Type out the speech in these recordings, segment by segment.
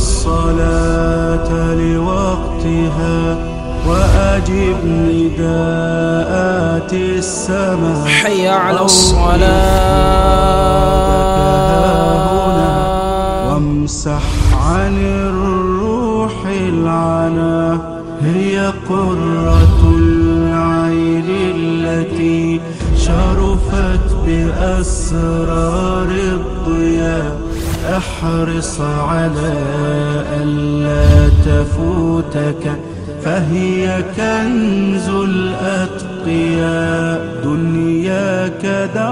الصلاة لوقتها وأجب نداءات السماء حي على الصلاة وامسح عن الروح العنا هي قرة العين التي شرفت بأسرار الضياء فاحرص على ألا تفوتك فهي كنز الأتقياء دنياك دع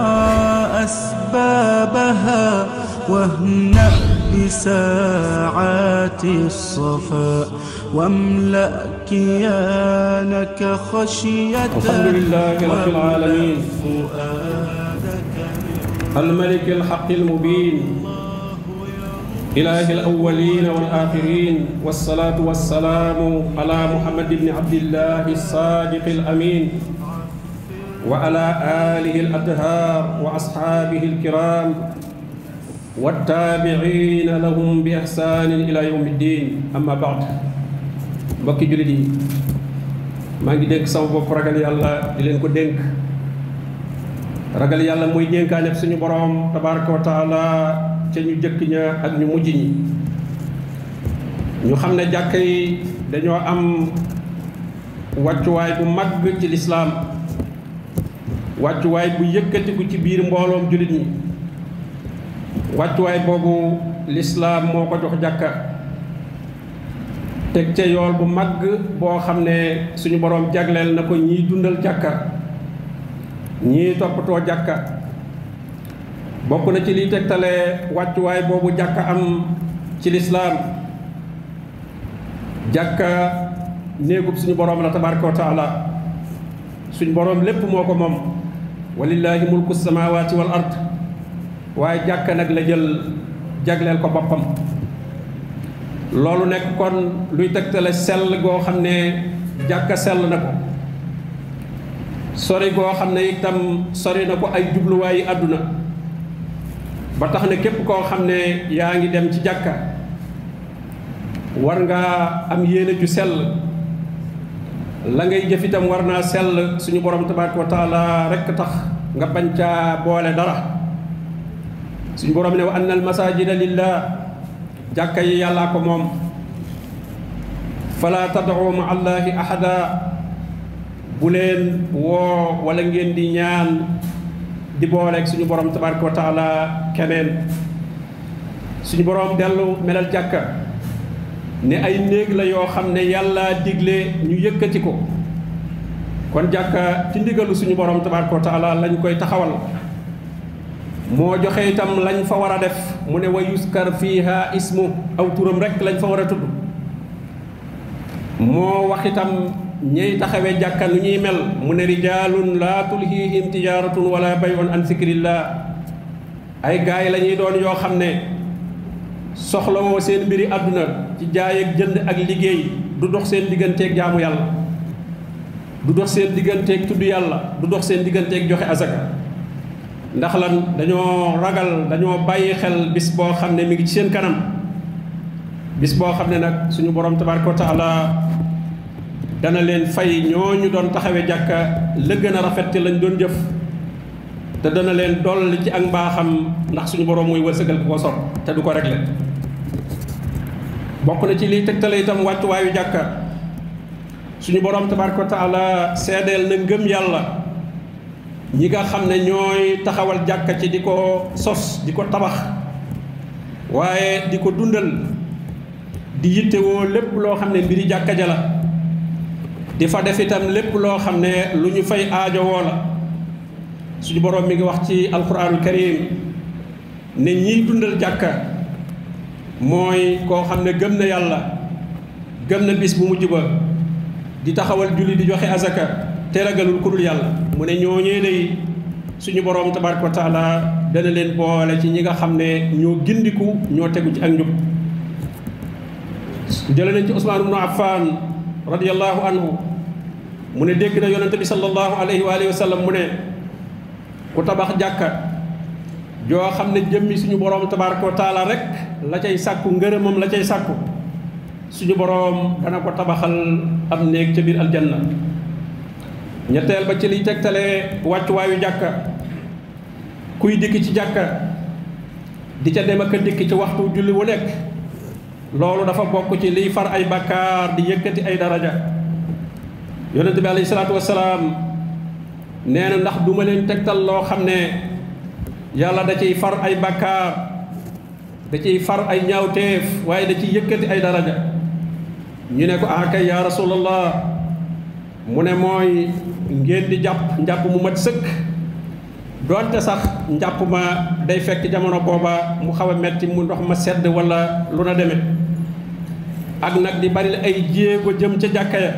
أسبابها واهنأ بساعات الصفاء واملأ كيانك خشية الحمد لله رب العالمين الملك الحق المبين إله الأولين والآخرين والصلاة والسلام على محمد بن عبد الله الصادق الأمين وعلى آله الأطهار وأصحابه الكرام والتابعين لهم بإحسان إلى يوم الدين أما بعد mbokki jullit yi maa ngi dénk sama bopp ragal yàlla di leen ko dénk ragal yàlla mooy dénkaane suñu boroom tabaraka wa taala ca ñu jëkk ña ak ñu mujj ñi ñu xam ne jàkka yi dañoo am wàccuwaay bu màgg ci lislaam wàccuwaay bu yëkkatiku ci biir mbooloom jullit ñi wàccuwaay boobu lislaam moo ko jox jàkka teg ca yool bu màgg boo xam ne suñu boroom jagleel na ko ñiy dundal jàkka ñiy toppatoo jàkka bokk na ci liy tegtalee wàccuwaay boobu jàkk am ci lislaam jàkk néegub suñu boroom la tabaraka wa suñu boroom lépp moo ko moom walillaahi mulku samaawaati wal ard waaye jàkk nag la jël jagleel ko boppam loolu nekk kon luy tegtale sell goo xam ne jàkk sel na ko sori goo xam ne itam sori na ko ay jubluwaayi àdduna ba tax na képp koo xam ne yaa ngi dem ci jàkka war nga am yéene ju sell la ngay jëf itam war naa sell suñu borom tabaaraka wa taala rekk tax nga bañ ca boole dara suñu borom ne wa anna al masajida jàkka yi yàllaa ko moom fala tad'u ma allahi ahada bu leen woo wala ngeen di ñaan di booleeg suñu borom tabaraka wa taala keneen suñu borom dellu melal jàkka ne ay néeg la yoo xam ne yàlla digle ñu yëkkati ko kon jàkka ci ndigalu suñu boroom tabaraka wa taala lañ koy taxawal moo joxe itam lañ fa war a def mu ne wa yuskar fiha ismu aw turam rek lañ fa war a tudd moo wax ñey taxawee jàkka nu ñuy mel mu ne rijaalun laa tulhiihim tijaaratun wala bayun an zikrillah ay gaay yi la doon yoo xam ne soxlawoo seen mbiri àdduna ci jaay ak jënd ak liggéey du dox seen digganteeg jaamu yàlla du dox seen digganteeg tudd yàlla du dox seen digganteeg joxe azaka ndax la dañoo ragal dañoo bàyyi xel bis boo xam ne mi ngi ci seen kanam bis boo xam ne nag suñu boroom tabaraka wa taala dana leen fay ñu doon taxawee jàkka la gën a rafet te lañ doon jëf te dana leen dolli ci ak mbaaxam ndax suñu borom mooy wërsëgal ko ko sot te du ko régler bokk na ci liy tegtale itam wàccuwaayu jàkka suñu borom tabaraka wa taala seedeel na ngëm yàlla ñi nga xam ne ñooy taxawal jàkka ci di ko sos di ko tabax waaye di ko dundal di yittewoo lépp loo xam ne mbiri jàkka ja la di fa def itam lépp loo xam ne lu ñu fay aajowoo la suñu boroom mi ngi wax ci alquranul karim ne ñiy dundal jàkka mooy koo xam ne gëm na yàlla gëm na bis bu mujj ba di taxawal julli di joxe azaka te ragalul ku dul yàlla mu ne ñooñee day suñu boroom tabaraka wa taala dana leen boole ci ñi nga xam ne ñoo gindiku ñoo tegu ci ak njub jële nañ ci Usmaan ibnu Affaan radiyallahu anhu mu ne dégg na yonent bi sallallahu alayhi wa alihi wa sallam mu ne ku tabax jàkka joo xam ne jëmmi suñu boroom tabaraka wa taala rek la cay sàkku ngërëmam la cay sàkku suñu boroom dana ko tabaxal am néeg ca biir aljanna ñetteel ba ci liy tegtalee wàccuwaayu jàkka kuy dikk ci jàkka di ca dem ak dikk ci waxtu julli wu nekk loolu dafa bokk ci liy far ay bakkaar di yëkkati ay daraja yonente bi alayhi salaatu wasalaam nee na ndax du ma leen tegtal loo xam ne yàlla da ciy far ay bàkkaar da ciy far ay ñaawteef waaye da ciy yëkkati ay daraja ñu ne ko ah kay yaa rasulallah mu ne mooy ngeen di jàpp njàpp mu mat sëkk doonte sax njàpp ma day fekk jamono booba mu xaw a metti mu ndox ma sedd wala lu na demee ak nag di bari ay jéego jëm ca jàkka ya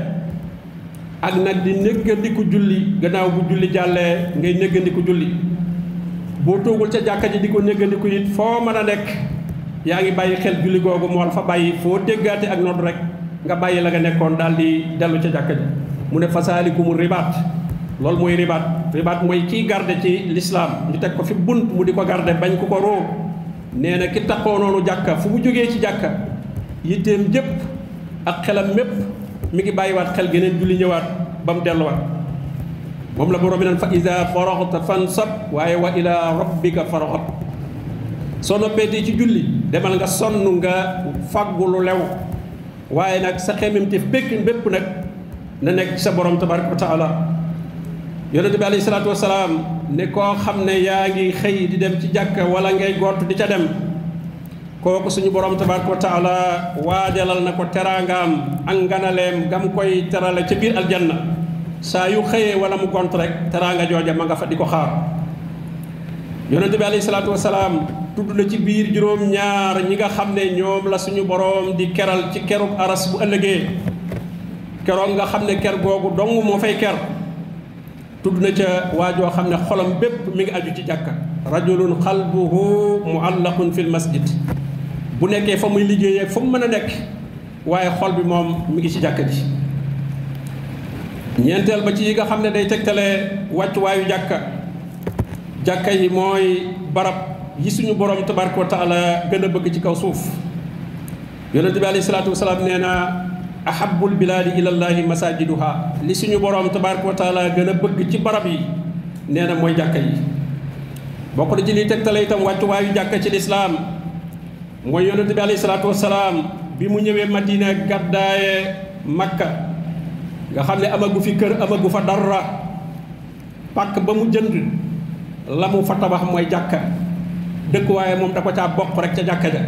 ak nag di néggandiku julli gannaaw bu julli jàllee ngay néggandiku julli boo toogul ca jàkka ji di ko néggandiku it foo mën a nekk yaa ngi bàyyi xel julli googu mool fa bàyyi foo déggaate ak nodd rek nga bàyyi la nga nekkoon daal di dellu ca jàkka ji mu ne fasalikumu ribaat loolu mooy ribaat ribaat mooy kii garde ci lislaam ñu teg ko fi bunt mu di ko garde bañ ku ko róo nee na ki taxoo noonu jàkka fu mu jógee ci jàkka yitteem jëpp ak xelam mépp mi ngi bàyyiwaat xel geneen julli ñëwaat ba mu delluwaat moom la borom bi naan fa ida faraxta fansab waaye wa ila rabbika faraxat soo noppeetee ci julli demal nga sonn nga fàggu lu lew waaye nag sa xememteef békkin bépp nag na nekk ci sa borom tabaraka wa taala yonente bi alayhi salaatu wasalaam ne koo xam ne yaa ngi xëy di dem ci jàkka wala ngay gont di ca dem kooku suñu borom tabaaraka wa taala waajalal na ko teraangaam ak nganaleem gam koy terale ca biir aljanna saa yu xëyee wala mu gont rek teraanga jooja ma nga fa di ko xaar yonente bi alayhi salaatu wasalaam tudd na ci biir juróom ñaar ñi nga xam ne ñoom la suñu boroom di keral ci kerub aras bu ëllëgee keroog nga xam ne ker googu dong moo fay ker tudd na ca waajoo xam ne xolam bépp mi ngi aju ci jàkka rajulun qalbuhu muallaqun fil masjid bu nekkee fa muy liggéeyee fa mu mën a nekk waaye xol bi moom mu ngi ci jàkka ji ñeenteel ba ci yi nga xam ne day tegtale wàccuwaayu jàkka jàkka yi mooy barab yi suñu borom tabaraka wa taala gën a bëgg ci kaw suuf yonent bi alayhi salaatu wasalaam nee na ahabul bilaadi ilallaahi masajiduha li suñu borom tabaraka wa taala gën a bëgg ci barab yi nee na mooy jàkka yi bokk na ci liy tegtale itam wàccuwaayu jàkka ci lislaam mooy yonente bi alayhi salaatu wasalaam bi mu ñëwee madina gàddaaye makka nga xam ne amagu fi kër amagu fa dara pàkk ba mu jënd la mu fa tabax mooy jàkka dëkk waaye moom da ko caa bokk rek ca jàkka ja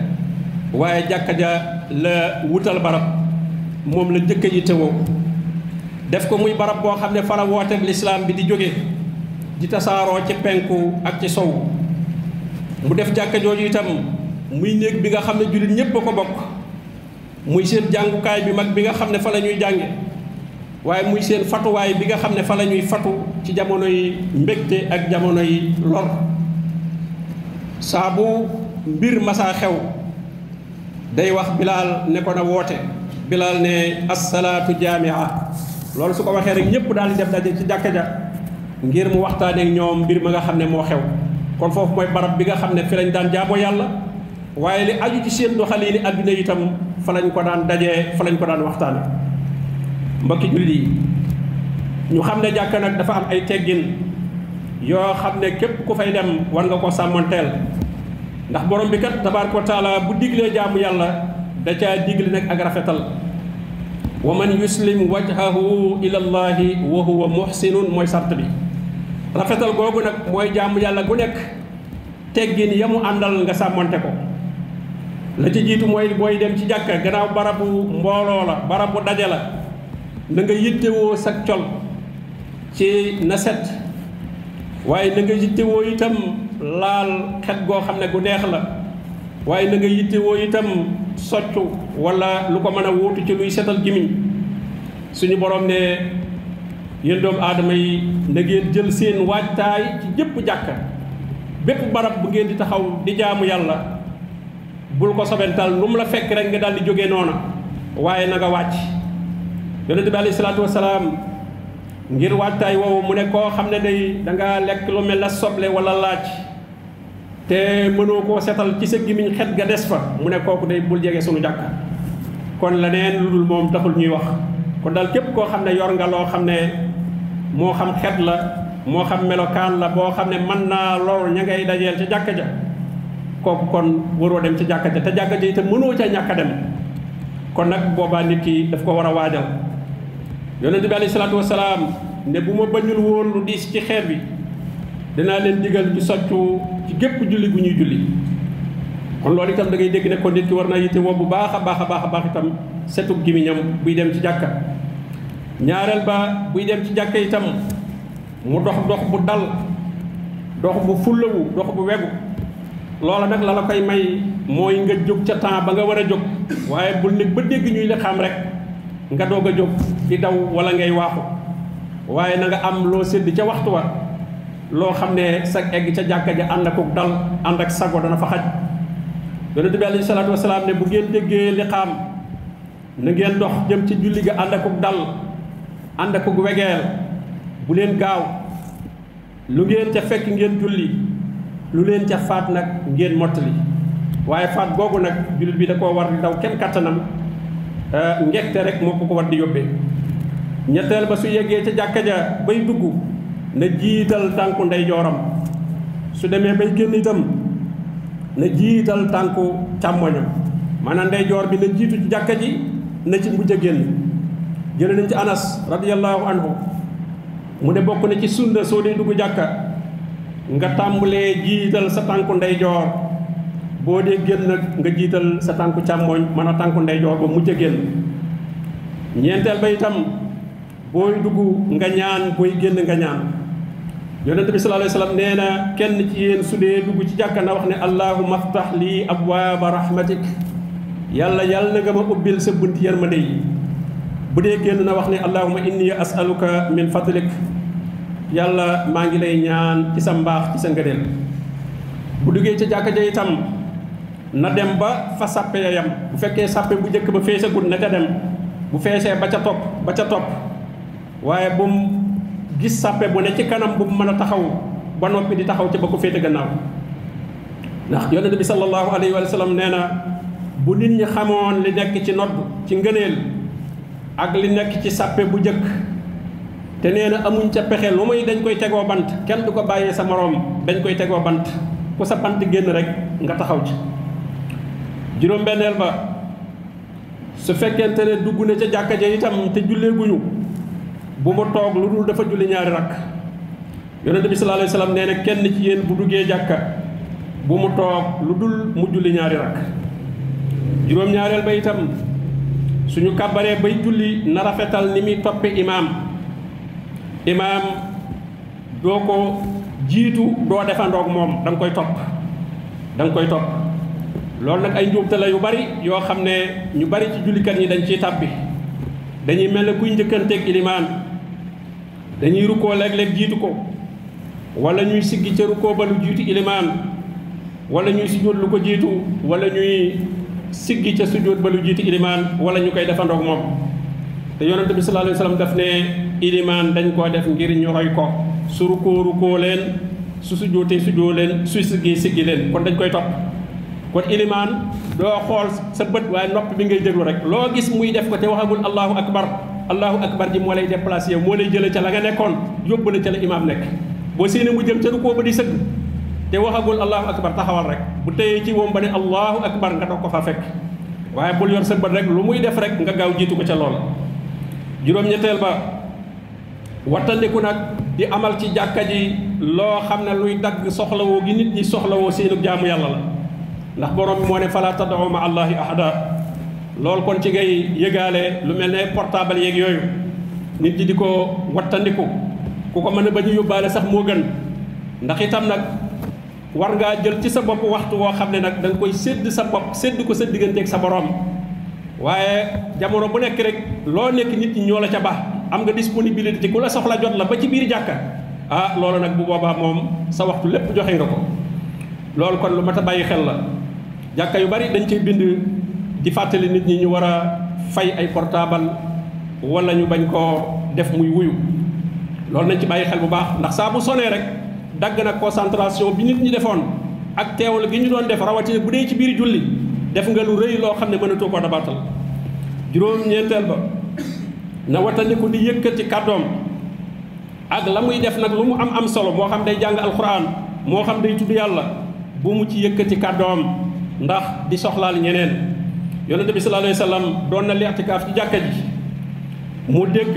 waaye jàkka ja la wutal barab moom la njëkk yi tewoo def ko muy barab boo xam ne fara wooteeg lislaam bi di jóge di tasaaroo ci penku ak ci sow mu def jàkka jooju itam muy néeg bi nga xam ne jullit ñépp a ko bokk muy seen jàngukaay bi mag bi nga xam ne fa la ñuy jànge waaye muy seen fatuwaay bi nga xam ne fa la ñuy fatu ci jamono yi mbégte ak jamono yi lor saa mbir masaa xew day wax bilaal ne ko na woote bilaal ne assalaatu jaamia loolu su ko waxee rek ñépp daal di def daje ci jàkka ja ngir mu waxtaanee ak ñoom mbir ma nga xam ne moo xew kon foofu mooy barab bi nga xam ne fi lañ daan jaabo yàlla waaye li aju ci seen doxalin yi adduna itam fa lañ ko daan dajee fa lañ ko daan waxtaane mbokki jullit yi ñu xam ne jàkka nag dafa am ay teggin yoo xam ne képp ku fay dem war nga ko sàmmanteel ndax borom bi kat tabaaraka wa taala bu diglee jàmm yàlla da caa digle nag ak rafetal wa man yuslim wajhahu ila llahi wa huwa muhsinun mooy sart bi rafetal googu nag mooy jàmm yàlla gu nekk teggin ya mu àndal nga sàmmoonte ko la ca jiitu mooy booy dem ci jàkka gannaaw barabu mbooloo la barabu daje la na nga yittewoo sag col ci na set waaye na nga yittewoo itam laal xet goo xam ne gu neex la waaye na nga yittewoo itam soccu walla lu ko mën a wóotu ci luy setal gimiñ suñu borom ne yéen doomu aadama yi na ngeen jël seen waajtaay ci jëpp jàkka bépp barab bu ngeen di taxaw di jaamu yàlla bul ko sobental lu mu la fekk rek nga daal di noona waaye na nga wàcc yonent bi alayhi salaatu wasalaam ngir waajtaay woowu mu ne koo xam ne day danga lekk lu mel na soble wala laaj te mënoo koo setal ci sa gimiñ xet ga des fa mu ne kooku de bul jege suñu jàkk kon leneen lu dul moom taxul ñuy wax kon daal képp koo xam ne yor nga loo xam ne moo xam xet la moo xam melokaan la boo xam ne mën naa lool ña ngay dajeel ca jàkka ja kooku kon waroo dem ci jàkka ja te jàkka ja itam mënoo ca ñàkka dem kon nag boobaa nit ki daf ko war a waajal yonente bi alayhi salaatu wasalaam ne bu ma bañul woon lu diis ci xeer bi dinaa leen digal ñu soccu ci gépp julli gu ñuy julli kon loolu itam da ngay dégg ne ko nit ki war naa yitte woo bu baax a baax a baax baax itam setu gimiñam buy dem ci jàkka ñaareel ba buy dem ci jàkka itam mu dox dox bu dal dox bu fullawu dox bu wegu loola nag la la koy may mooy nga jóg ca temps ba nga war a jóg waaye bul nit ba dégg ñuy liqaam rek nga doog a jóg di daw wala ngay waaxu waaye na nga am loo sédd ca waxtu wa loo xam ne sa egg ca jàkka ja ànd akuk dal ànd ak sago dana fa xaj yonente bi alayhi salaatu wasalaam ne bu ngeen déggee liqaam na ngeen dox jëm ca julli ga ànd akuk dal ànd akuk wegeel bu leen gaaw lu ngeen ca fekk ngeen julli lu leen ca faat nag ngeen mottali waaye faat googu nag jullit bi da koo war di daw kenn kattanam euh, ngegte rek moo ko ko war di yóbbee ñetteel ba su yeggee ca jàkka ja bay dugg na jiital tànku ndeyjooram su demee bay génn itam na jiital tànku càmmoñam maanaam ndeyjoor bi na jiitu ci jàkka ji na ci mujj a génn nañ ci anas radiyallahu anhu mu ne bokk na ci sunna soo dee dugg jàkka nga tàmbalee jiital sa tànku ndeyjoor boo dee génn nga jiital sa tànku càmmooñ man a tànku ndeyjoor ba mujj a génn ñeenteel ba itam booy dugg nga ñaan booy génn nga ñaan yonent bi sallallahu alayhi nee na kenn ci yéen su dee dugg ci jàkka na wax ne allahumma aftah lii abwaaba rahmatik yàlla yàlla nga ma ubbil sa bunti yërmande yi bu dee génn na wax ne allahumma inni as'aluka min fadlik yàlla maa ngi lay ñaan ci sa mbaax ci sa ngëneel bu duggee ca jàkka ja itam na dem ba fa sàppe yam bu fekkee sàppe bu njëkk ba feesagul na ca dem bu feesee ba ca topp ba ca topp waaye bu mu gis sàppe bu ne ci kanam bu mu mën a taxaw ba noppi di taxaw ci ba ko féete gannaaw ndax yonente bi sallallahu alayhi wa sallam nee na bu nit ñi xamoon li nekk ci nodd ci ngëneel ak li nekk ci sàppe bu njëkk te nee na amuñ ca pexe lu muy dañ koy tegoo bant kenn du ko bàyyee sa moroom dañ koy tegoo bant ku sa bant génn rek nga taxaw ci juróom-benneel ba su fekkente ne dugg na ca jàkka ja itam te julleeguñu bu mu toog lu dul dafa julli ñaari rakk yonente bi sallallahu alayhi wasallam nee na kenn ci yéen bu duggee jàkka bu mu toog lu dul mu julli ñaari rakk juróom-ñaareel ba itam suñu kàbbaree bay julli na rafetal ni muy toppe imaam imaam doo ko jiitu doo defandoog moom da koy topp da koy topp loolu nag ay njuumte yu bari yoo xam ne ñu bari ci jullikat ñi dañ ciy tàbbi dañuy mel ne kuy njëkkanteeg ilimaan dañuy rukkoo léeg-léeg jiitu ko wala ñuy siggi ca rukkoo ba lu jiitu ilimaan wala ñuy sujjóot lu ko jiitu wala ñuy siggi ca sujjóot ba wala ñu koy defandoog moom te yonent bi sallallahu alayhi wa sallam ne ilimaan dañ koo def ngir ñu roy ko su rukkoo rukkoo leen su sujjóotee sujjóo leen su siggee siggi leen kon dañ koy topp kon ilimaan doo xool sa bët waaye nopp bi ngay déglu rek loo gis muy def ko te waxagul allahu akbar allahu akbar ji moo lay déplacé moo lay jëlee ca la nekkoon yóbbu la ca la imaam nekk boo séenee mu jëm ca rukkoo ba di sëgg te waxagul allahu akbar taxawal rek bu teyee ci moom ba ne allahu akbar nga toog ko fa fekk waaye bul yor sa bët rek lu muy def rek nga gaaw jiitu ko ca lool juróom-ñetteel ba wattandiku nag di amal ci jàkka ji loo xam ne luy dagg soxlawoo gi nit ñi soxlawoo seenu jaamu yàlla la ndax borom bi moo ne fala tad'u ma allahi ahada loolu kon ci ngay yëgaale lu mel ne portable yeeg yooyu nit ñi di ko wattandiku ku ko mën a bañ a yóbbaale sax moo gën ndax itam nag war ngaa jël ci sa bopp waxtu woo xam ne nag da nga koy sédd sa bopp sédd ko sa digganteeg sa boroom waaye jamono bu nekk rek loo nekk nit ñi ñoo la ca baax am nga disponibilité ku la soxla jot la ba ci biir jàkka ah loolu nag bu boobaa moom sa waxtu lépp joxe nga ko loolu kon lu mat a bàyyi xel la jàkka yu bari dañ ciy bind di fàttali nit ñi ñu war a fay ay portable wala ñu bañ koo def muy wuyu loolu nañ ci bàyyi xel bu baax ndax saa bu sonee rek dagg na concentration bi nit ñi defoon ak teewal gi ñu doon def rawatina bu dee ci biir julli def nga lu rëy loo xam ne mënatoo ko dabaatal juróom ñeenteel ba na wattandiku di yëkkati kàddoom ak la muy def nag lu mu am am solo moo xam day jàng alxuraan moo xam day tudd yàlla bu mu ci yëkkati kàddoom ndax di soxlaal ñeneen yonente bi sallallahu alayhi wa sallam doon na leextikaaf ci jàkka ji mu dégg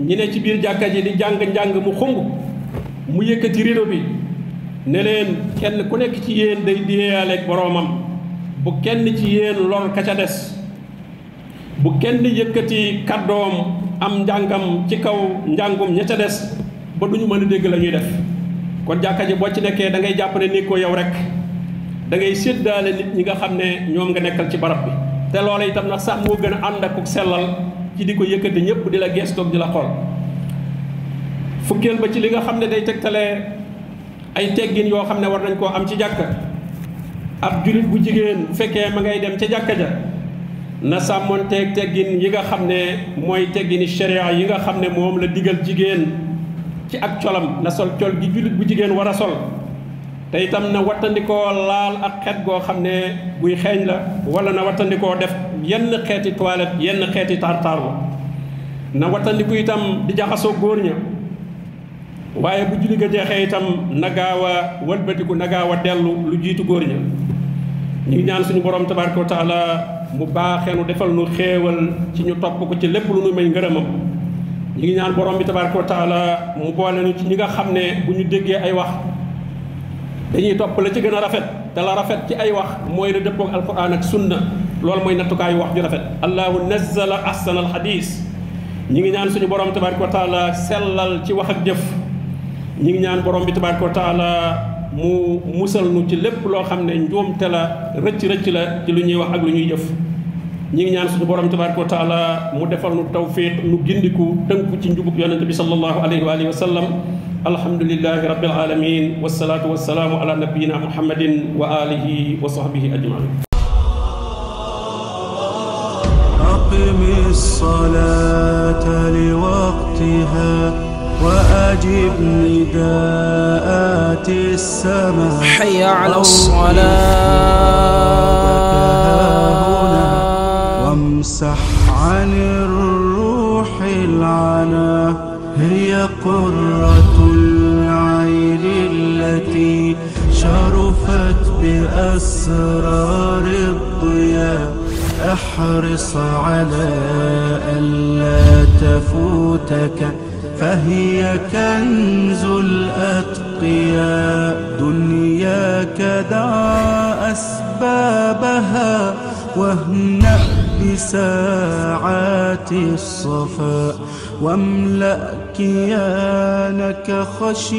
ñi ne ci biir jàkka ji di jàng njàng mu xumb mu yëkkati rido bi ne kenn ku nekk ci yéen day diyeyaaleeg boroomam bu kenn ci yéen lor ka ca des bu kenn yëkkati kàddoom am njàngam ci kaw njàngum ña ca des ba duñu mën a dégg la ñuy def kon jàkka ji boo ci nekkee da ngay jàpp ne ko yow rek da ngay séddaale nit ñi nga xam ne ñoom nga nekkal ci barab bi te loola itam nag sax moo gën a ànd ak sellal ci di ko yëkkati ñëpp di la geestoog di la xool fukkeel ba ci li nga xam ne day tegtalee ay teggin yoo xam ne war nañ koo am ci jàkka ab jullit bu jigéen bu fekkee ma ngay dem ca jàkka ja na sàmmonteeg teggin yi nga xam ne mooy teggini sharia yi nga xam ne moom la digal jigéen ci ak colam na sol col gi jullit bu jigéen war a sol te itam na wattandikoo laal ak xeet goo xam ne buy xeeñ la wala na wattandikoo def yenn xeeti toilette yenn xeeti tartar la na wattandiku itam di jaxasoo góor ña waaye bu julli ga jeexee itam na gaaw a wëlbatiku na gaaw a dellu lu jiitu góor ña ñu ngi ñaan suñu borom tabaraka wa taala mu baaxee nu defal nu xéewal ci ñu topp ko ci lépp lu nu may ngërëmam ñu ngi ñaan borom bi tabaaraka wa taala mu boole nu ci ñi nga xam ne bu ñu déggee ay wax dañuy topp la ci gën a rafet te la rafet ci ay wax mooy la dëppoog alquran ak sunna loolu mooy nattukaayu wax ju rafet allahu nazzala ahsana alhadis ñi ngi ñaan suñu borom tabaaraka wa taala sellal ci wax ak jëf ñi ngi ñaan borom bi tabaaraka wa taala mu musal nu ci lépp loo xam ne njuumte la rëcc rëcc la ci lu ñuy wax ak lu ñuy jëf ñi ngi ñaan suñu borom tabaraka wa taala mu defal nu tawfiq nu gindiku tënku ci njubug yonente bi sallallahu alayhi wa alihi wa sallam alhamdulilahi rabbil alamin wasalaatu wasalaamu ala nabiyina muhammadin wa alihi wa sahbihi ajmain أقم الصلاة لوقتها وأجب نداءات السماء حي على الصلاة وامسح عن الروح العنا هي قرة العين التي شرفت بأسرار الضياء احرص على ألا تفوتك فهي كنز الأتقياء دنياك دعا أسبابها واهنأ بساعات الصفاء واملأ كيانك خشية